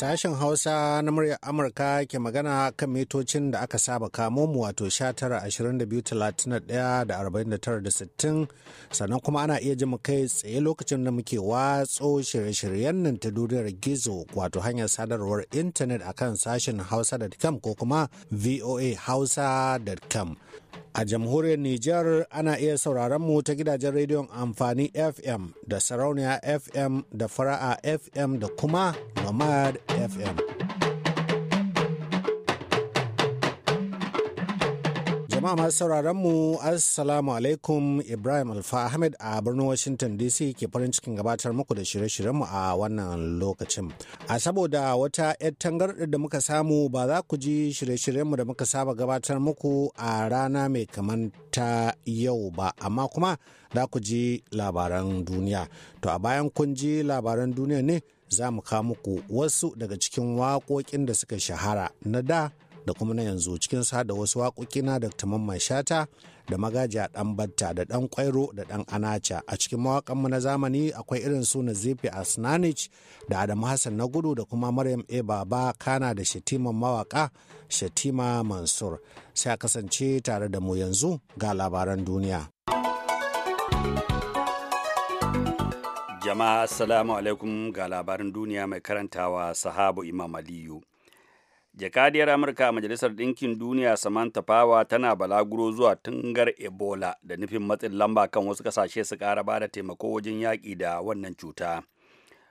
Sashen Hausa na muryar Amurka ke magana kan mitocin da aka saba kamo mu wato 19 da tara, 49 60 sannan kuma ana iya jima kai tsaye lokacin da muke watso shirye-shiryen nan ta duniyar gizo wato hanyar sadarwar intanet akan sashen hausa.com ko kuma VOA voahausa.com. A jamhuriyar Nijar ana iya sauraron mu ta gidajen rediyon amfani FM da sarauniya FM da fara'a FM da kuma Nomad FM. Jama'a masu sauraron mu Assalamu alaikum Ibrahim Alfa Ahmed a birnin Washington DC ke farin cikin gabatar muku da shirye shiryen mu a wannan lokacin. A saboda wata 'yar tangarɗa da muka samu ba za ku ji shirye shiryen mu da muka saba gabatar muku a rana mai kaman ta yau ba, amma kuma za ku ji labaran duniya. To a bayan kun ji labaran duniya ne za mu kawo muku wasu daga cikin waƙoƙin da suka shahara na da da kuma na yanzu cikin su da wasu waƙoƙi na da Mamman Shata da magaja ɗan batta da ɗan kwairo da ɗan anaca a cikin mu na zamani akwai irin su na zefi asnanich da adamu hassan na gudu da kuma maryam e baba kana da shatiman mawaka shatima mansur sai kasance tare da mu yanzu ga labaran duniya jama'a assalamu alaikum ga labarin duniya mai karantawa sahabu imam aliyu jakadiyar amurka a majalisar ɗinkin duniya samantha fawa tana balaguro zuwa tungar ebola da nufin matsin lamba kan wasu kasashe su ƙara ba da taimako wajen yaƙi da wannan cuta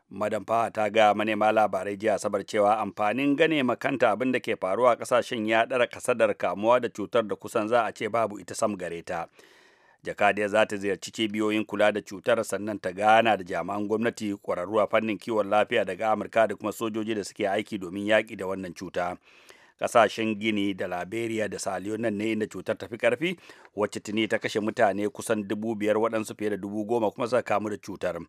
madam Fawa ta ga manema labarai jiya sabar cewa amfanin gane makanta abin da ke faruwa a ƙasashen ya ɗara kasadar kamuwa da cutar da kusan za a ce babu ita sam gare ta jakadiya za ta ziyarci cibiyoyin kula da cutar sannan ta gana da jami'an gwamnati kwararru a fannin kiwon lafiya daga amurka da kuma sojoji da suke aiki domin yaƙi da wannan cuta kasashen gini da liberia da saliyonan nan ne inda cutar tafi karfi wacce tuni ta kashe mutane kusan dubu biyar waɗansu fiye da dubu goma kuma suka kamu da cutar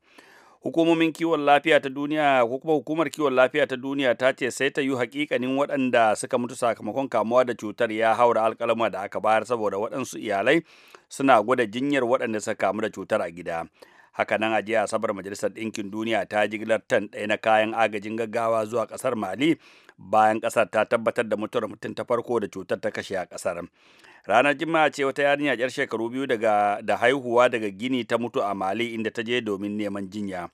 hukumomin kiwon lafiya ta duniya ko kuma hukumar kiwon lafiya ta duniya ta ce sai ta yi hakikanin waɗanda suka mutu sakamakon kamuwa da cutar ya haura alkalama da aka bayar saboda waɗansu iyalai suna gwada jinyar waɗanda suka kamu da cutar a gida haka nan a jiya asabar majalisar ɗinkin duniya ta jigilar tan ɗaya na kayan agajin gaggawa zuwa ƙasar mali bayan ƙasar ta tabbatar da mutuwar mutum ta farko da cutar ta kashe a ƙasar ranar juma'a ce wata yarinya yar shekaru biyu daga da haihuwa daga gini ta mutu a mali inda ta je domin neman jinya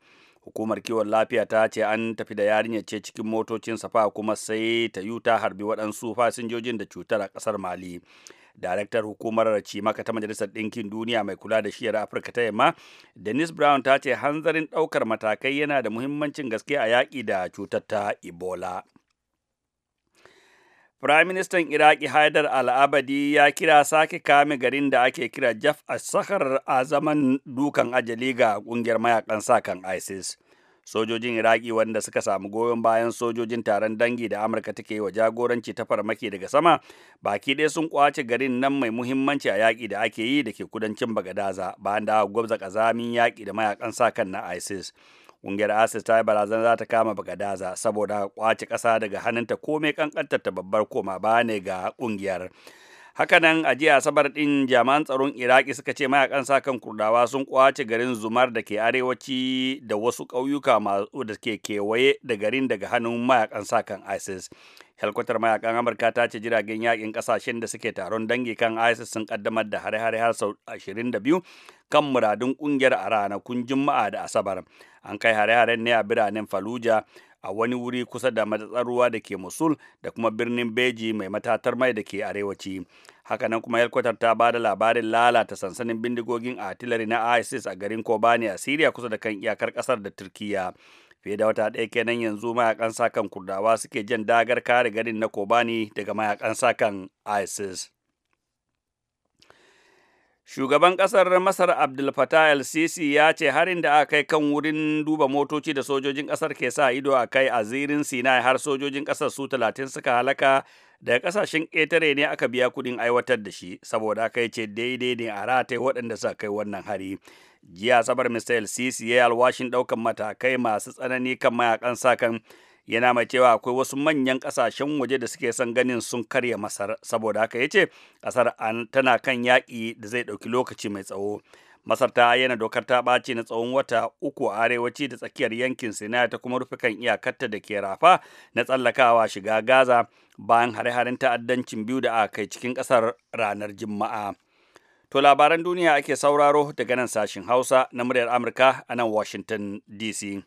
hukumar kiwon lafiya ta ce an tafi da yarinya ce cikin motocin safa kuma sai ta yi ta harbi waɗansu fasinjojin da cutar a ƙasar mali daraktar hukumar cimaka ta majalisar ɗinkin duniya mai kula da shiyar afirka ta yamma denis brown ta ce hanzarin ɗaukar matakai yana da muhimmancin gaske a yaƙi da cutar ta ebola Firaministan Iraki Haidar Al-Abadi ya kira sake kame garin da ake kira Jaf a sahar a zaman dukan ajali ga ƙungiyar mayakan sakan ISIS. Sojojin Iraki wanda suka samu goyon bayan sojojin taron dangi da Amurka take yi wa jagoranci ta farmaki daga sama, baki ɗaya sun kwace garin nan mai muhimmanci a yaƙi da ake yi da ke kudancin Bagadaza bayan da gwabza ƙazamin yaƙi da mayakan sakan na ISIS. Ƙungiyar asis ta yi barazan za ta kama Bagadaza saboda kwace ƙasa daga hannunta komai kankantar ta babbar koma ba ne ga ƙungiyar. Hakanan a jiya Asabar ɗin jami'an tsaron Iraki suka ce mayakan sa kan Kurdawa sun kwace garin Zumar da ke arewaci da wasu ƙauyuka masu da ke kewaye da garin daga hannun mayakan sa kan ISIS. helkwatar mayakan amurka ta ce jiragen yakin kasashen da suke taron dangi kan isis sun kaddamar da hare-hare har sau 22 kan muradun kungiyar a ranakun juma'a da asabar an kai hare-haren ne a biranen fallujah a wani wuri kusa da matatsar ruwa da ke musul da kuma birnin Beji mai matatar mai da ke arewaci. Hakanan kuma helkwatar ta ba da labarin lalata sansanin bindigogin artillery na ISIS a garin Kobani a Syria kusa da kan iyakar kasar da Turkiyya. fiye da wata ɗaya kenan yanzu mayakan sakan kurdawa suke jan dagar kare garin na kobani daga mayakan sakan isis shugaban ƙasar masar abdul fatah el sisi ya ce harin da aka kai kan wurin duba motoci da sojojin ƙasar ke sa ido a kai a zirin sinai har sojojin ƙasar su talatin suka halaka daga ƙasashen ƙetare ne aka biya kuɗin aiwatar da shi saboda aka ce daidai ne a rataye waɗanda suka kai wannan hari jiya asabar mr lcc ya yi alwashin ɗaukan matakai masu tsanani kan mayakan sakan yana mai cewa akwai wasu manyan ƙasashen waje da suke son ganin sun karya masar saboda haka ya ce ƙasar tana kan yaƙi da zai ɗauki lokaci mai tsawo masar ta yana dokar ta ɓaci na tsawon wata uku a arewaci da tsakiyar yankin sinai ta kuma rufe kan iyakarta da ke rafa na tsallakawa shiga gaza bayan hare-haren ta'addancin biyu da aka kai cikin ƙasar ranar juma'a To labaran duniya ake sauraro daga nan sashin Hausa na muryar Amurka a nan Washington DC.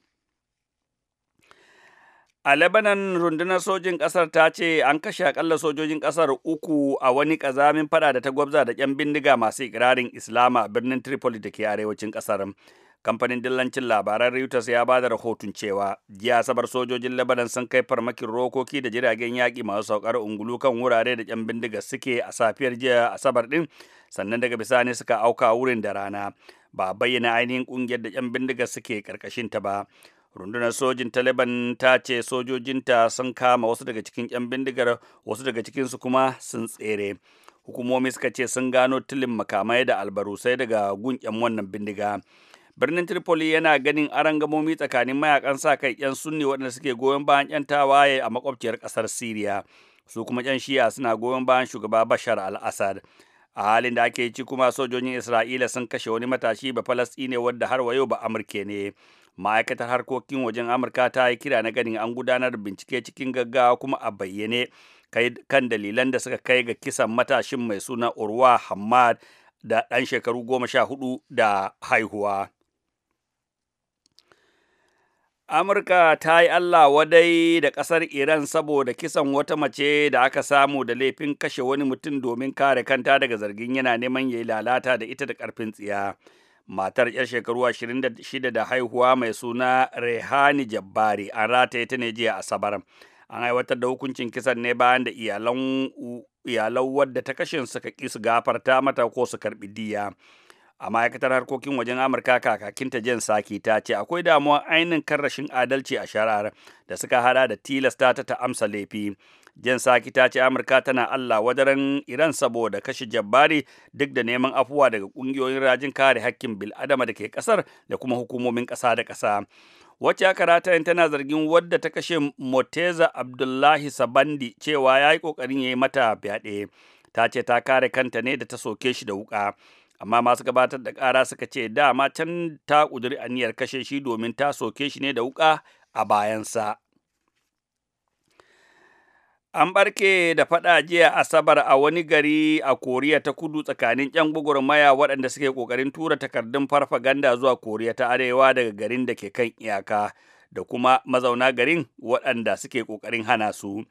A Lebanon rundunar sojin ƙasar ta ce an kashe akalla sojojin ƙasar uku a wani ƙazamin fada da ta gwabza da ƙyan bindiga masu ikirarin Islama birnin Tripoli da ke arewacin ƙasar. kamfanin dillancin labaran reuters ya ba da rahoton cewa jiya sabar sojojin lebanon sun kai farmakin rokoki da jiragen yaƙi masu saukar ungulu kan wurare da ƴan bindiga suke a safiyar jiya asabar din sannan daga bisani suka auka wurin da rana ba bayyana ainihin ƙungiyar da ƴan bindiga suke ta ba rundunar sojin taliban ta ce sojojinta sun kama wasu daga cikin ƴan bindigar wasu daga cikinsu kuma sun tsere hukumomi suka ce sun gano tilin makamai da albarusai daga gun 'yan wannan bindiga birnin tripoli yana ganin gamomi tsakanin mayakan sa kai 'yan sunni waɗanda suke goyon bayan 'yan tawaye a makwabciyar ƙasar siriya su kuma 'yan shi'a suna goyon bayan shugaba bashar al-assad a halin da ake ci kuma sojojin isra'ila sun kashe wani matashi ba ne wadda har wa yau ba amurke ne ma'aikatar harkokin wajen amurka ta yi kira na ganin an gudanar da bincike cikin gaggawa kuma a bayyane kan dalilan da suka kai ga kisan matashin mai suna urwa hamad da ɗan shekaru goma sha hudu da haihuwa Amurka ta yi Allah wadai da ƙasar Iran saboda kisan wata mace da aka samu da laifin kashe wani mutum domin kare kanta daga zargin yana neman ya yi lalata da ita da ƙarfin tsiya. Matar 'yar shekaru 26 da haihuwa mai suna Rehani Jabbari an rataye ta ne jiya Asabar. An aiwatar da hukuncin kisan ne bayan da iyalan iyalan wadda ta kashe suka ƙi su gafarta mata ko su karɓi diya. a ma'aikatar harkokin wajen amurka kakakinta jen saki ta ce akwai damuwa ainihin kan rashin adalci a shari'ar da suka hada da tilasta ta ta amsa laifi jen saki ta ce amurka tana allah wadaran iran saboda kashe jabbari duk da neman afuwa daga kungiyoyin rajin kare hakkin bil'adama da ke kasar da kuma hukumomin kasa da kasa wacce aka ratayin tana zargin wadda ta kashe moteza abdullahi sabandi cewa ya yi kokarin ya yi mata fyaɗe ta ce ta kare kanta ne da ta soke shi da wuka amma masu gabatar da ƙara suka ce dama can ta ƙuduri aniyar kashe shi domin ta soke shi ne da wuƙa a bayansa an barke da faɗa jiya asabar a wani gari a koriya ta kudu tsakanin 'yan gwagwarmaya waɗanda suke ƙoƙarin tura takardun farfaganda zuwa koriya ta arewa daga garin da ke kan iyaka da kuma mazauna garin waɗanda suke ƙoƙarin hana su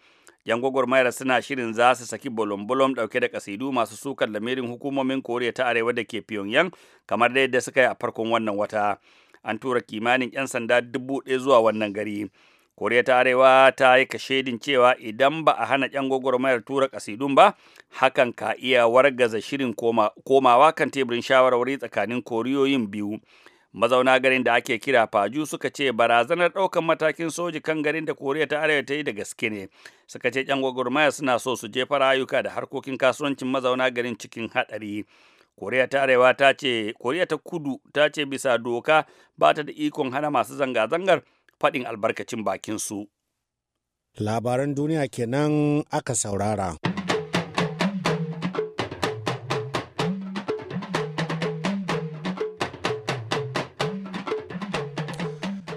yan gwagwarmayar suna shirin za su saki bolom-bolom dauke da kasidu masu sukar lamirin hukumomin koriya ta arewa da ke pyongyang kamar da yadda suka yi a farkon wannan wata an tura kimanin 'yan sanda dubu ɗaya zuwa wannan gari koriya ta arewa ta yi kashedin cewa idan ba a hana 'yan gwagwarmayar tura kasidun ba hakan ka iya wargaza shirin komawa kan teburin shawarwari tsakanin koriyoyin biyu mazauna garin da ake kira faju suka ce barazanar ɗaukan matakin soji kan garin da koriya ta arewa ta yi da gaske ne suka ce yan gwagwarmaya suna so su jefa rayuka da harkokin kasuwancin mazauna garin cikin haɗari koriya ta arewa ta ce koriya ta kudu ta ce bisa doka ba ta da ikon hana masu zanga-zangar faɗin albarkacin bakinsu labaran duniya kenan aka saurara.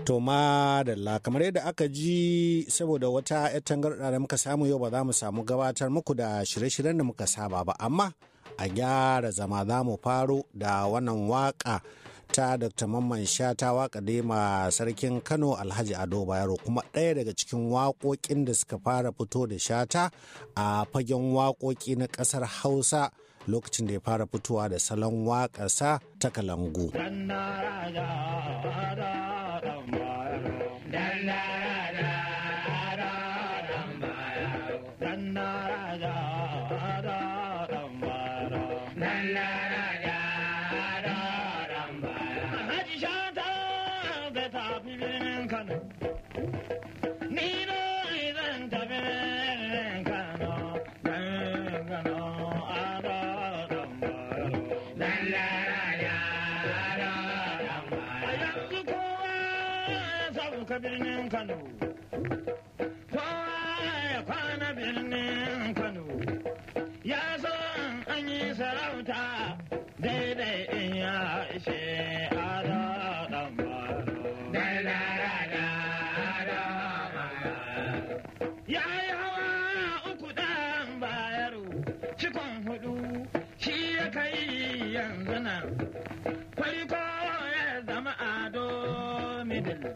To madalla kamar yadda aka ji saboda wata 'yar tangarɗa da muka samu yau ba za mu samu gabatar muku da shirye-shiryen da muka saba ba amma a gyara zama za mu faro da wannan waka ta Dr. Mamman Sha ta waka ma sarkin Kano Alhaji Ado Bayero kuma ɗaya daga cikin waƙoƙin da suka fara fito da shata a fagen waƙoƙi na ƙasar Hausa lokacin da ya fara fitowa da salon waƙarsa ta kalangu. kwana birnin Kano. Kowa ya kwana birnin Kano. Ya so anyi sarauta daidai in ya ishe ado dan Ya yi hawa uku dan bayaro, cikon huɗu shi ya kai yanzu nan. Kwaliko ya zama ado middle.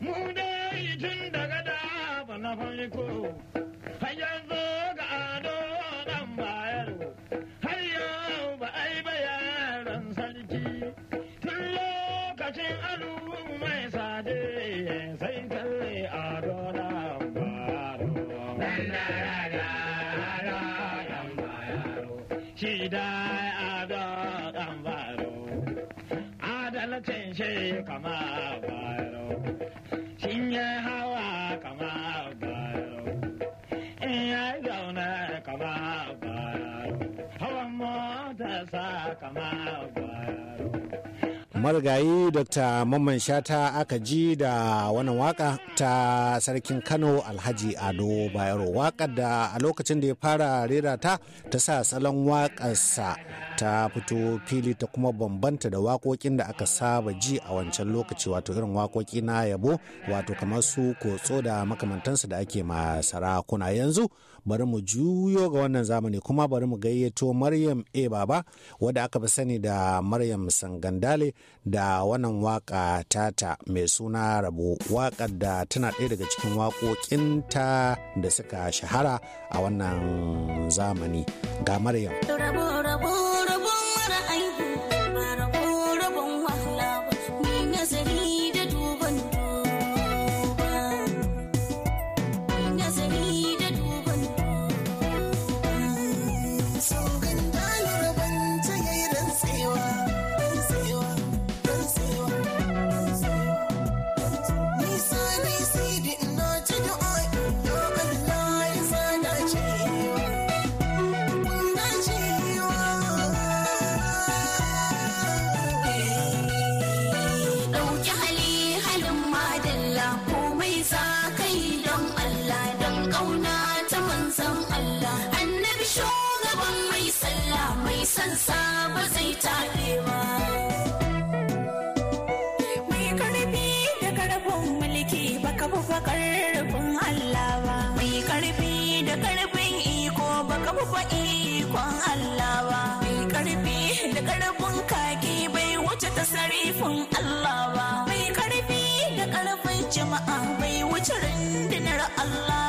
Muda dai tun daga da na farko har rigayi dr mamman shata aka ji da wannan waka ta sarkin kano alhaji ado bayero wakar da a lokacin da ya fara rera ta ta sa salon wakarsa ta fito fili ta kuma bambanta da wakokin da aka saba ji a wancan lokaci wato irin wakoki na yabo wato kamar su kotso da makamantansu da ake ma sarakuna yanzu bari mu juyo ga wannan zamani kuma bari mu gayyato maryam e baba wadda aka fi sani da maryam sangandale da wannan waka tata mai suna rabo wakar da tana ɗaya daga cikin waƙoƙinta da suka shahara a wannan zamani ga maryam sa ba zai taɓe ba. Mai karfi da karfin mulki baka bufa karfin Allah ba. Mai karfi da karfin iko baka bufa ikon Allah ba. Mai karfi da karfin kaki bai wuce tasarifin Allah ba. Mai karfi da karfin jama'a bai wuce rundunar Allah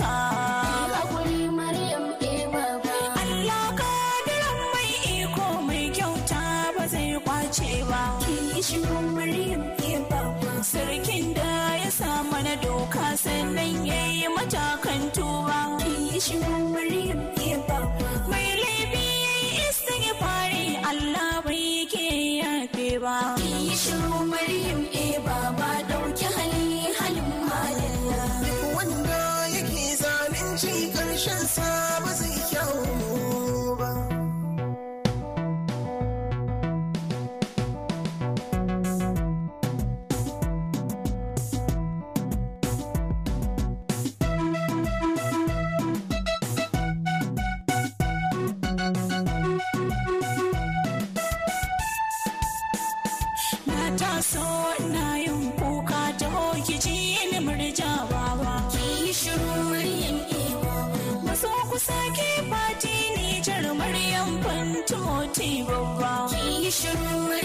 on. should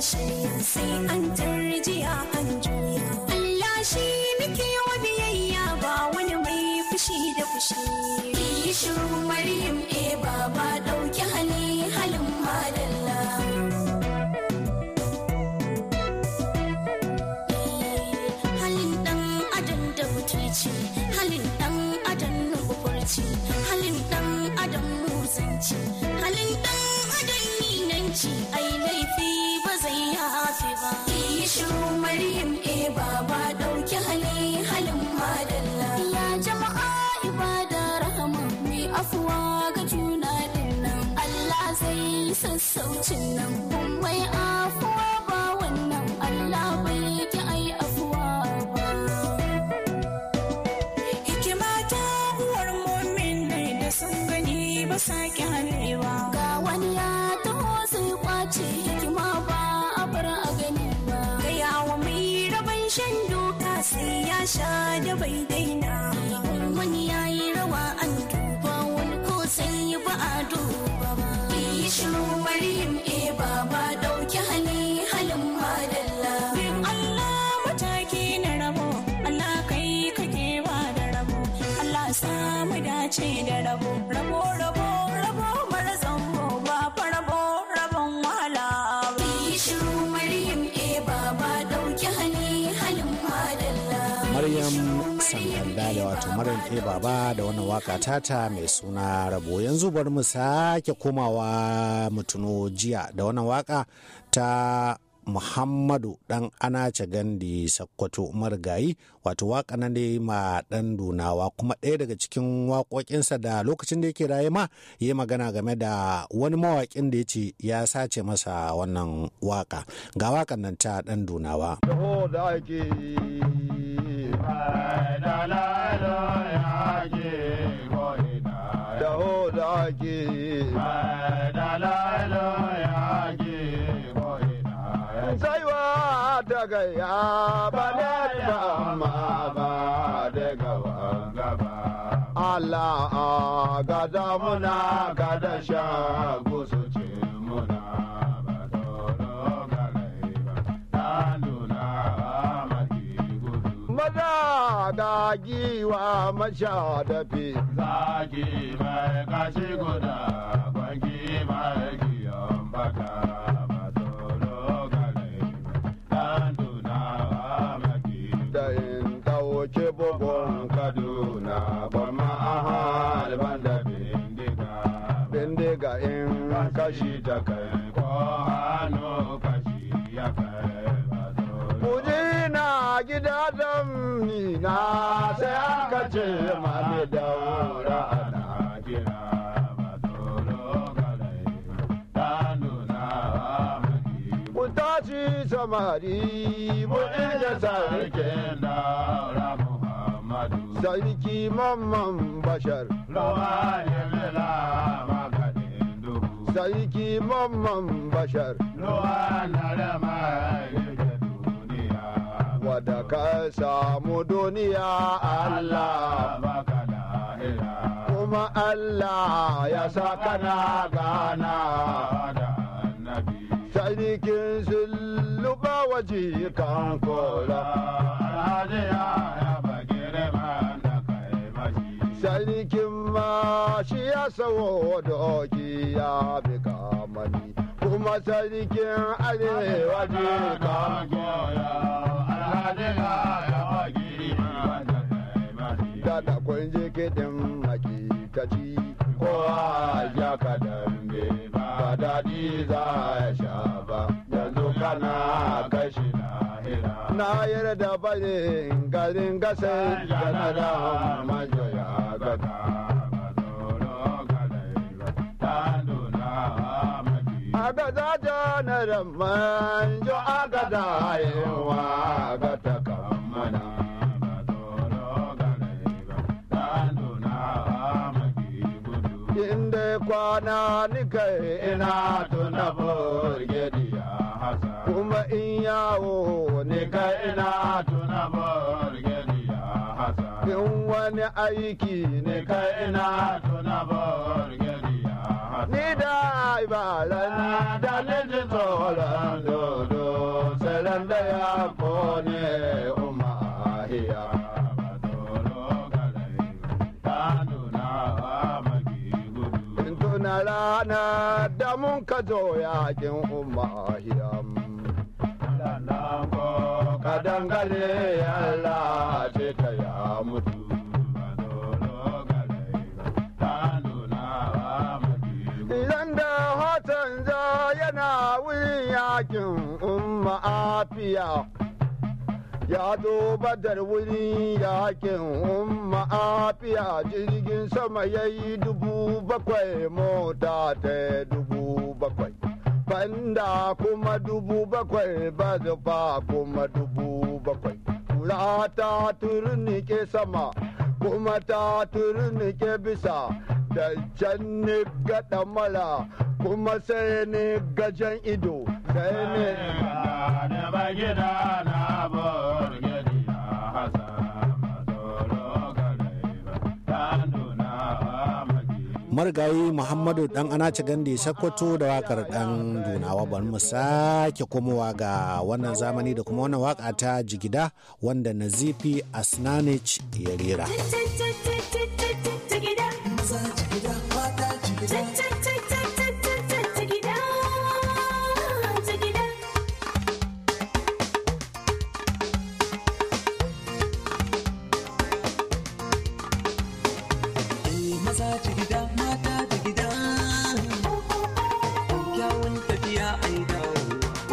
sai an jiya an juya Allah shi muke wa biyayya ba wani mai fushi da fushi yi shiru Maryam e eh, baba shiru maryam e baba dauki hali halin madalla ya jama'a ibada rahama mai afuwa ga juna din nan allah zai sassaucin nan sai ya sha da bai daina wani yayi rawa an duba wani ko sai ba a duba ba yi shiru maryam e baba dauki MA Baba da wannan waka tata mai suna rabo yanzu bari mu sake komawa mutuno jiya da wannan waka ta Muhammadu dan Anace Gandi Sakkwato Marigayi wato waka na ne ma dan Dunawa kuma ɗaya daga cikin waƙoƙinsa da lokacin da yake raye ma ya magana game da wani mawakin da ya ce ya sace masa wannan waka ga wakan nan ta dan Dunawa. yaki saiwa daga ya bane da ma ba daga wanga ba Allah a gada muna gada sha gusu ga giwa masha dafi zaki mai kashi guda kwanki mai giyon baka Ke bugun Kaduna ba ma'ahal ban da bindiga. Bindiga in kashi ta kai ko hannu gida don na sai aka ce mani daura ana gina Kun tashi samari mu'in da sarkin daura Muhammadu. Sarki mamman bashar. Rawa ya lila maganin duhu. Sarki mamman bashar. Rawa na da mai wadda ka samu duniya Allah baka lahira kuma Allah ya sa kana gana da annabi sarkin sun luba waje kan kola alhaji ya yaba girman da kai maji sarkin ma shi ya sawo doki ya bi kamani kuma sarkin arewa je kan kola Dada kwan je kiɗin maki ta ci, a ya ka dambe ba daɗi za ya sha ba, yanzu kana kashi na hira. Na yarda ba ne garin gasa, yana da majoya gaka. gada na ramman jo agada yawa gata kammana. Inde kwana nika ina tuna burgediya hasa. Kuma in yawo nika ina tuna burgediya hasa. In wani aiki nika ina tuna burgediya ni da ibalani da leji tsoron dodo salon da ya kone umahiya na rana da mun ka zo yakin umahiyam. Kadan gale ya ce ta ya mutu. yanzu yana wurin yakin umma afiya ya zo badar wurin yakin umma afiya jirgin sama ya yi dubu bakwai mota ta dubu bakwai banda kuma dubu bakwai bazufa kuma dubu bakwai ta turnike sama kuma ta turnike bisa da can ni mala kuma sai ni gajen ido sai ne. da gida na burgidi hasa marigayi muhammadu dan anace gandi sakkwato da wakar dan dunawa ban mu sake komowa ga wannan zamani da kuma wannan waka ta jigida wanda nazifi asnanich ya rera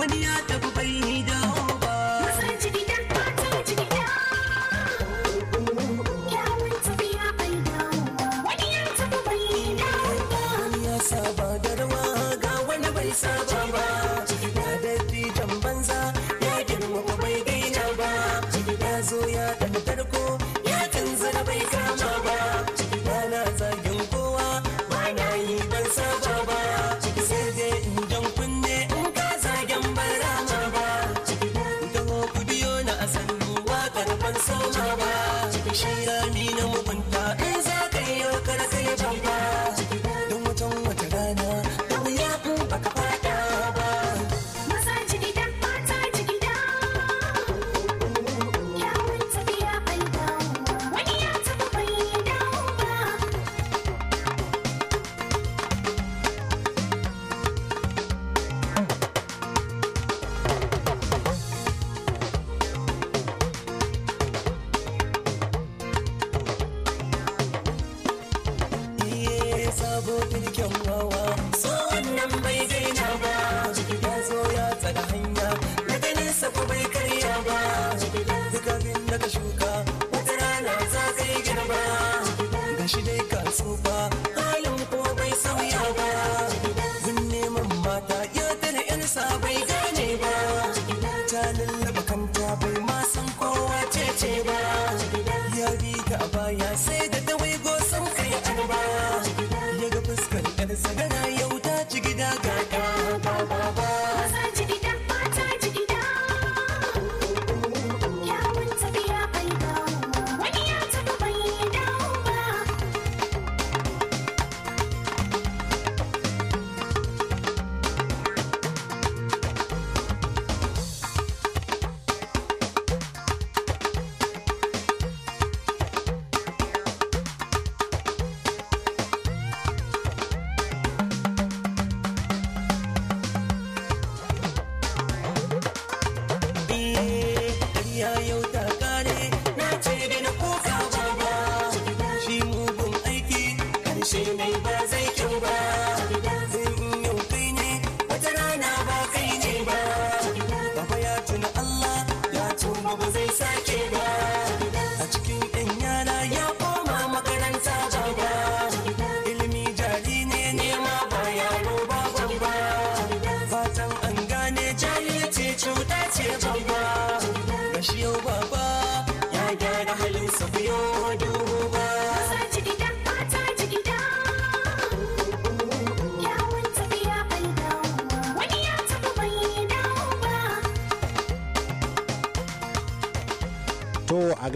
दुनिया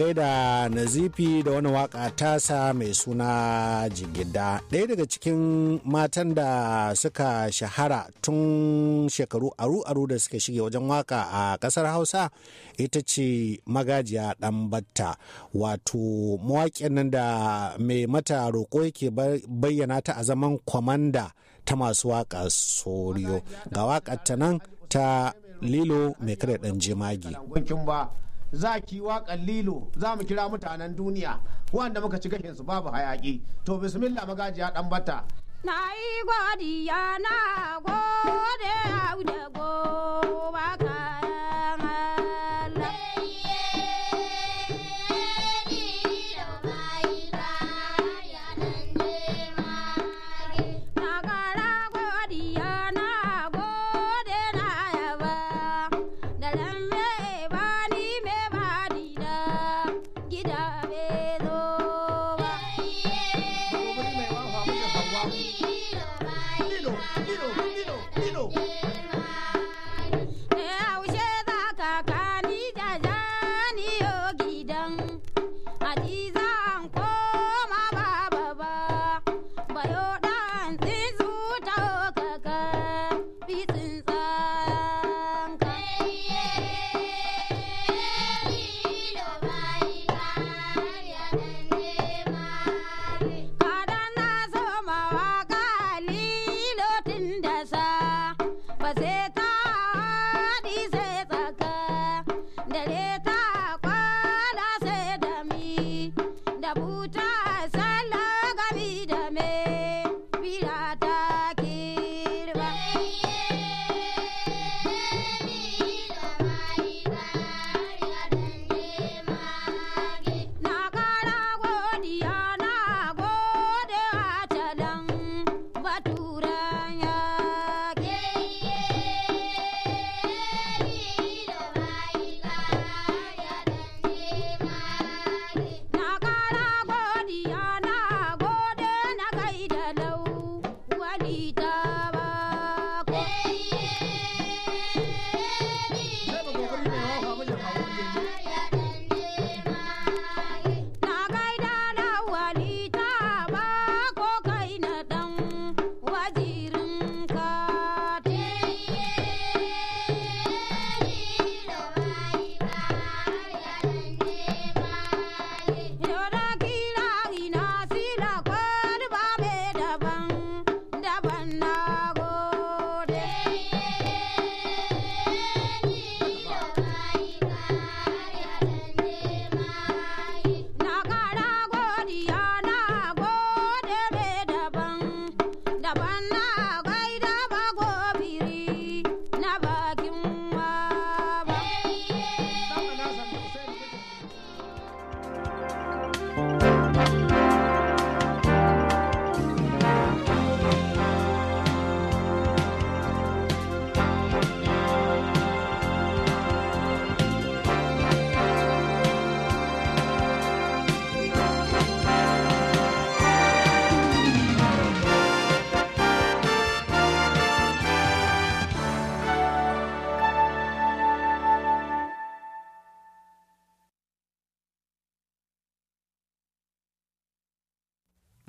gaida nazifi da wani waka tasa mai suna jigida ɗaya daga cikin matan da suka shahara tun shekaru aru-aru da suka shige wajen waka a ƙasar hausa ita ce magajiya ɗan batta wato mawaƙin nan da mai mata roƙo yake bayyana ta a zaman kwamanda ta masu waka soriyo ga wakar ta nan ta lilo mai kada ɗan jemage za ki waƙan lilo za mu kira mutanen duniya wanda muka ci gashin su babu hayaƙi to bismillah magajiya dan bata na yi godiya na